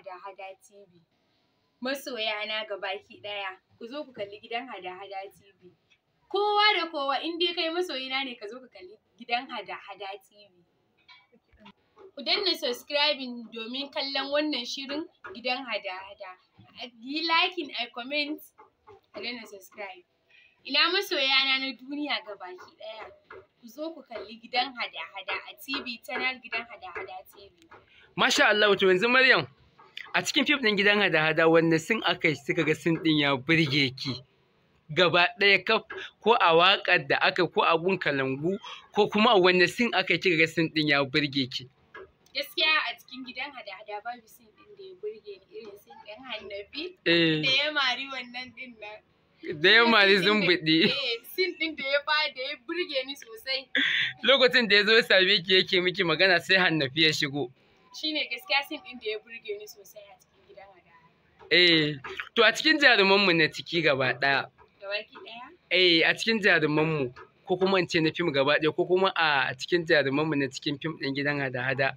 Hada-Hada TV. Masoya na gabaki ɗaya, ku zo ku kalli gidan Hada-Hada TV. Kowa da kowa in dai kai masoyina ne ka zo ka kalli gidan Hada-Hada TV. Ku danna subscribing domin kallon wannan shirin gidan Hada-Hada. Yi liking, a comment, ku danna subscribe. Ina masoya na na duniya gabaki ɗaya. ku zo ku kalli gidan hada-hada a TV, tanar gidan hada-hada TV. Masha Allah, wato yanzu Maryam, a cikin fim ɗin gidan hada-hada wanne sun aka suka ga sun ɗin ya burge ki gaba ɗaya kaf ko a waƙar da aka ko a gun kalangu ko kuma a wanne sun aka kika ga sun ɗin ya burge ki gaskiya a cikin gidan hada-hada babu sun ɗin da ya burge ni irin sun ɗin hannabi eh. da ya mari wannan ɗin nan da ya mari zumbuɗi eh, sin ɗin da ya ba da ya burge ni sosai lokacin da ya zo ya same ki yake miki magana sai hannafi ya shigo shine gaskiya sin din ya burge ni sosai a cikin gidan eh to a cikin jaruman mu na ciki gaba daya eh a cikin jaruman mu ko kuma in ce na fim gaba daya ko kuma a cikin jaruman mu na cikin fim din gidan hada hada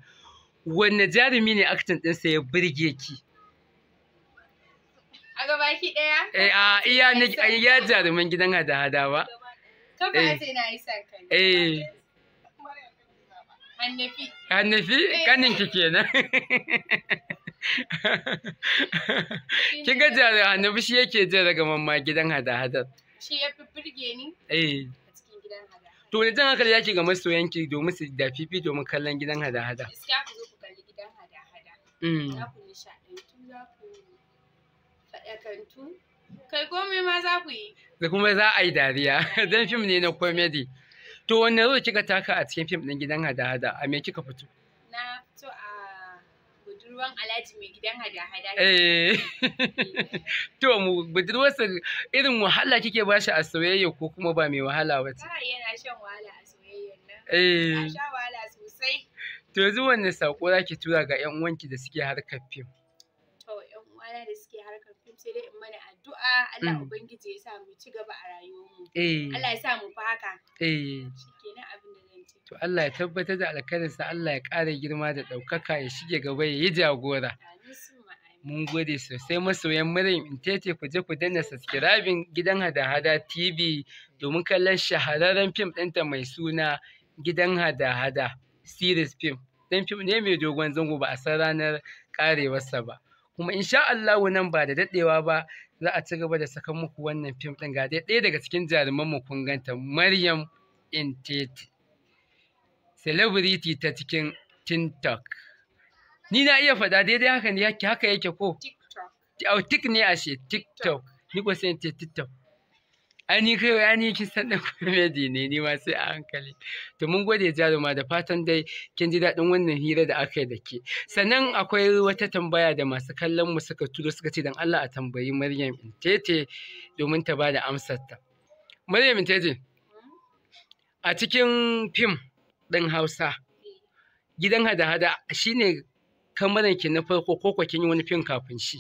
wanne jarumi ne aktin ɗinsa ya burge ki a gaba ki daya eh a iya iya jaruman gidan hada hada ba kafa ce na isan kan eh Annafi. Annafi kaninki eh. kenan. Kin ga jarin Annafi shi yake jin daga mamma gidan hada-hadar. Shi ya fi birge ni. Eh. To ne jan hankali yake ga masoyanki domin su da fifi domin kallon gidan hada-hada. Gaskiya ku zo ku kalli gidan hada-hada. Mm. Za ku nishaɗantu za ku faɗakantu. Kai komai ma za ku yi. Da kuma za a yi dariya don fim ne na komedi. to wanne zo kika taka a cikin fim ɗin gidan hada-hada a me kika fito na fito a budurwan alhaji mai gidan hada-hada eh to mu budurwarsa irin wahala kike ba shi a soyayya ko kuma ba mai wahala ba ce yana shan wahala a soyayya nan eh sha wahala sosai to yanzu wanne sako ki tura ga yan uwanki da suke harkar fim to yan uwana da suke harkar fim sai dai in mana addu'a Allah mm. ubangiji ya sa mu ci gaba a rayuwarmu eh. Allah ya sa mu fi haka eh. shikenan abin da zan ce to Allah ya tabbatar da alkhairinsa Allah ya ƙara girma da ɗaukaka ya shige gaba ya yi jagora mun gode sosai masoyan Maryam Intete ku je ku danna subscribing gidan hada-hada TV domin kallon shahararren fim ɗinta mai suna gidan hada-hada series fim dan fim ne mai dogon zango ba a san ranar ƙarewarsa ba kuma insha Allah nan ba da daɗewa ba za a ci gaba da sakan muku wannan fim ɗin ga ɗaya daga cikin jaruman mu kun ganta Maryam Intete celebrity ta cikin TikTok ni na iya faɗa daidai haka ne haka yake ko TikTok ne a TikTok ni ko sai TikTok Ani kai ani kin san da comedy ne ni ma sai a hankali. To mun gode jaruma da fatan dai kin ji daɗin wannan hira da aka yi da ke. Sannan akwai wata tambaya da masu kallon mu suka turo suka ce dan Allah a tambayi Maryam Intete domin ta bada amsar ta. Maryam Intete a cikin fim ɗin Hausa gidan hada-hada shine kamaran ki na farko ko kin yi wani fim kafin shi.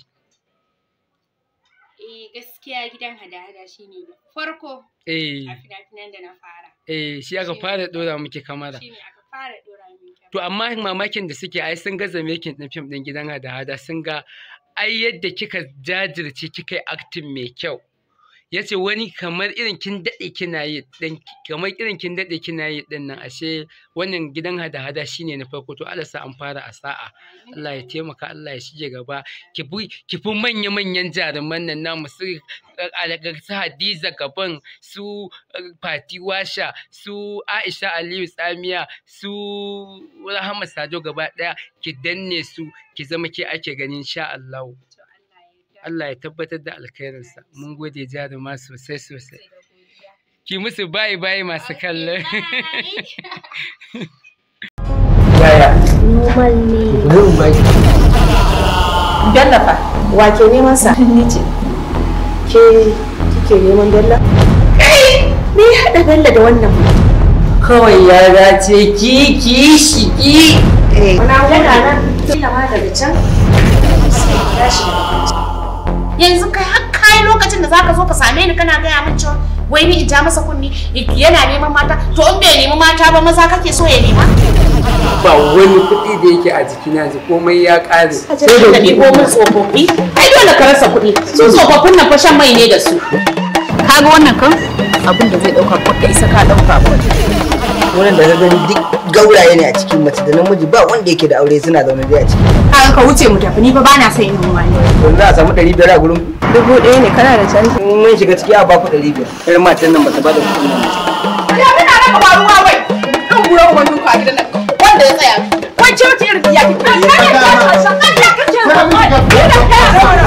gaskiya gidan hada-hada shi ne da farko eh. a fina-finan da na fara. Eh, shi aka fara ɗora muke kamara. Shi ne aka fara ɗora muke kamara. To amma mamakin da suke ai sun ga zamekin ɗin fim ɗin gidan hada-hada sun ga ai yadda kika jajirce kika yi aktin mai kyau. ya ce wani kamar irin kin daɗe kina yi ɗin kamar irin kin daɗe kina yi ɗin nan ashe wannan gidan hada-hada shine na farko to Allah sa an fara a sa'a Allah ya taimaka Allah ya shige gaba ki bi ki fi manya-manyan jaruman nan namu su Hadiza gaban su Fati Washa su Aisha Aliyu Tsamiya su Rahama Sado gaba ɗaya ki danne su ki zama ke ake ganin insha Allah Allah ya tabbatar da alkhairinsa mun gode jaruma sosai sosai ki musu bayi bayi masu kallon yaya normal ne mun baki dallafa wake neman sa ni ce ke kike neman dalla kai me ya hada dalla da wannan kawai ya dace ki ki shi ki eh wannan abu da nan kila ma daga can sai ya shi daga can yanzu kai har kai lokacin da zaka zo ka same ni kana gaya min cewa wai ni in ja masa kunni yana neman mata to in bai nemi mata ba maza kake so ya nema ba wani kuɗi da yake a jikina yanzu komai ya ƙare sai da ko mun tsofaffi ai dole ka rasa kuɗi su tsofaffin nan fa shan mai ne da su kaga wannan kan abin da zai ɗauka ko ka isa ka ɗauka ba wurin da gani duk gauraye ne a cikin mace da namiji ba wanda yake da aure suna zaune dai a ciki kaga ka wuce mu tafi ni ba bana son yin ruwa yanzu za a samu ɗari biyar a gurin dubu ɗaya ne kana da canji mun shiga ciki a ba ku ɗari biyar irin matan nan ba ta ba da kuɗi ne ya muna ka ba ruwa wai kan gura uban duka a gidan nan wanda ya tsaya wai ce wata irin biya ki kan kan kan kan kan kan kan kan kan kan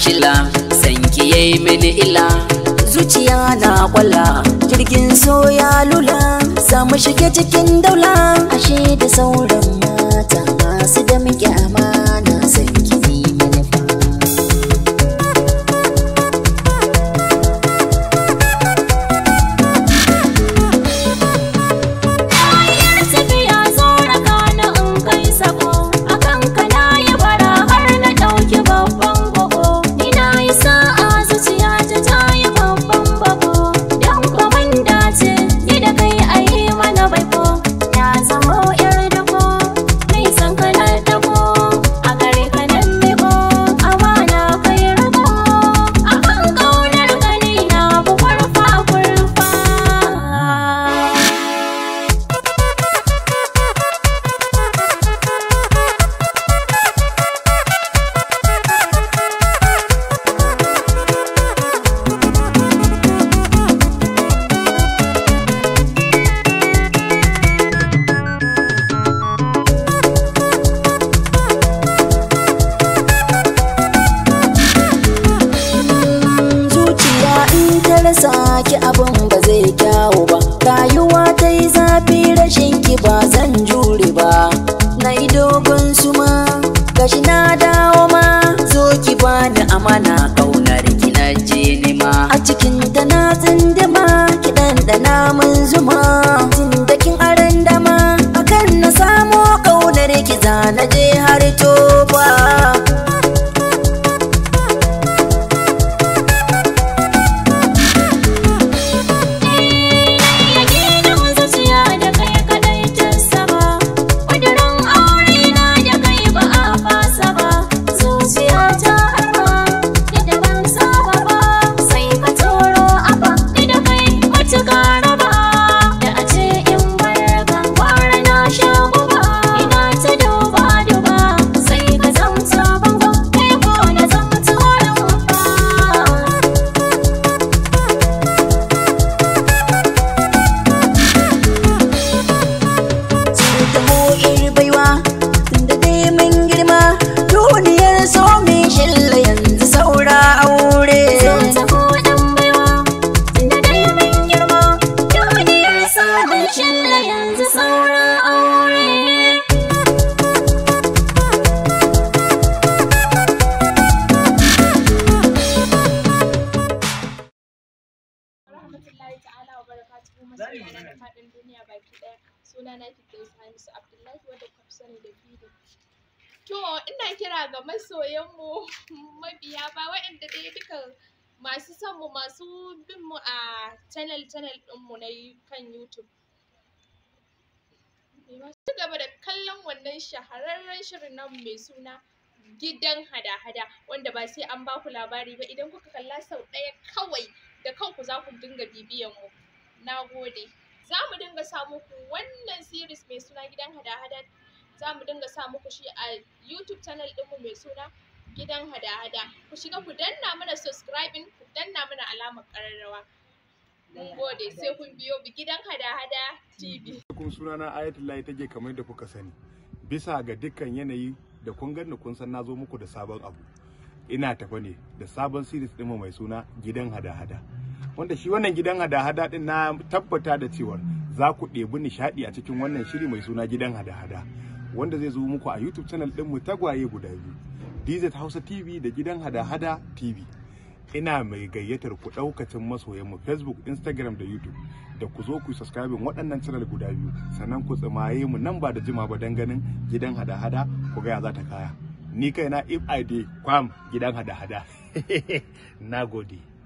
shila sanki yi mini ila zuciya na kwalla jirgin so ya lula samu mu shige cikin daula ashe da sauran mata masu da muke Que abun kira ga masoyanmu mabiya ba waɗanda dai duka masu son mu masu bin mu a channel channel ɗinmu na kan YouTube. Ci gaba da kallon wannan shahararren shirin namu mai suna gidan hada-hada wanda ba sai an baku labari ba idan kuka kalla sau ɗaya kawai da kanku za ku dinga bibiyan mu. Na gode. Za mu dinga samu ku wannan series mai suna gidan hada-hada za mu dinga sa muku shi a YouTube channel ɗinmu mai suna gidan hada-hada. Ku shiga ku danna mana subscribing, ku danna mana alamar ƙararrawa. Mun gode sai kun biyo bi gidan hada-hada TV. Kun Ayatul Ayatullahi take kamar da kuka sani. Bisa ga dukkan yanayi da kun ganni kun san na zo muku da sabon abu. Ina tafa ne da sabon series ɗinmu mai suna gidan hada-hada. Wanda shi wannan gidan hada-hada ɗin na tabbata da cewar za ku ɗebi nishaɗi a cikin wannan shiri mai suna gidan hada-hada. wanda zai zo muku a YouTube channel ɗinmu tagwaye guda biyu, DZ Hausa TV da gidan hada-hada TV. Ina mai gayyatar ku ɗaukacin masoyanmu Facebook, Instagram da YouTube da ku zo ku subscribing waɗannan channel guda biyu sannan ku tsimaye mu nan ba da jima ba don ganin gidan hada-hada ku gaya za ta kaya. Ni kaina if I dey kwam gidan hada-hada. Na gode.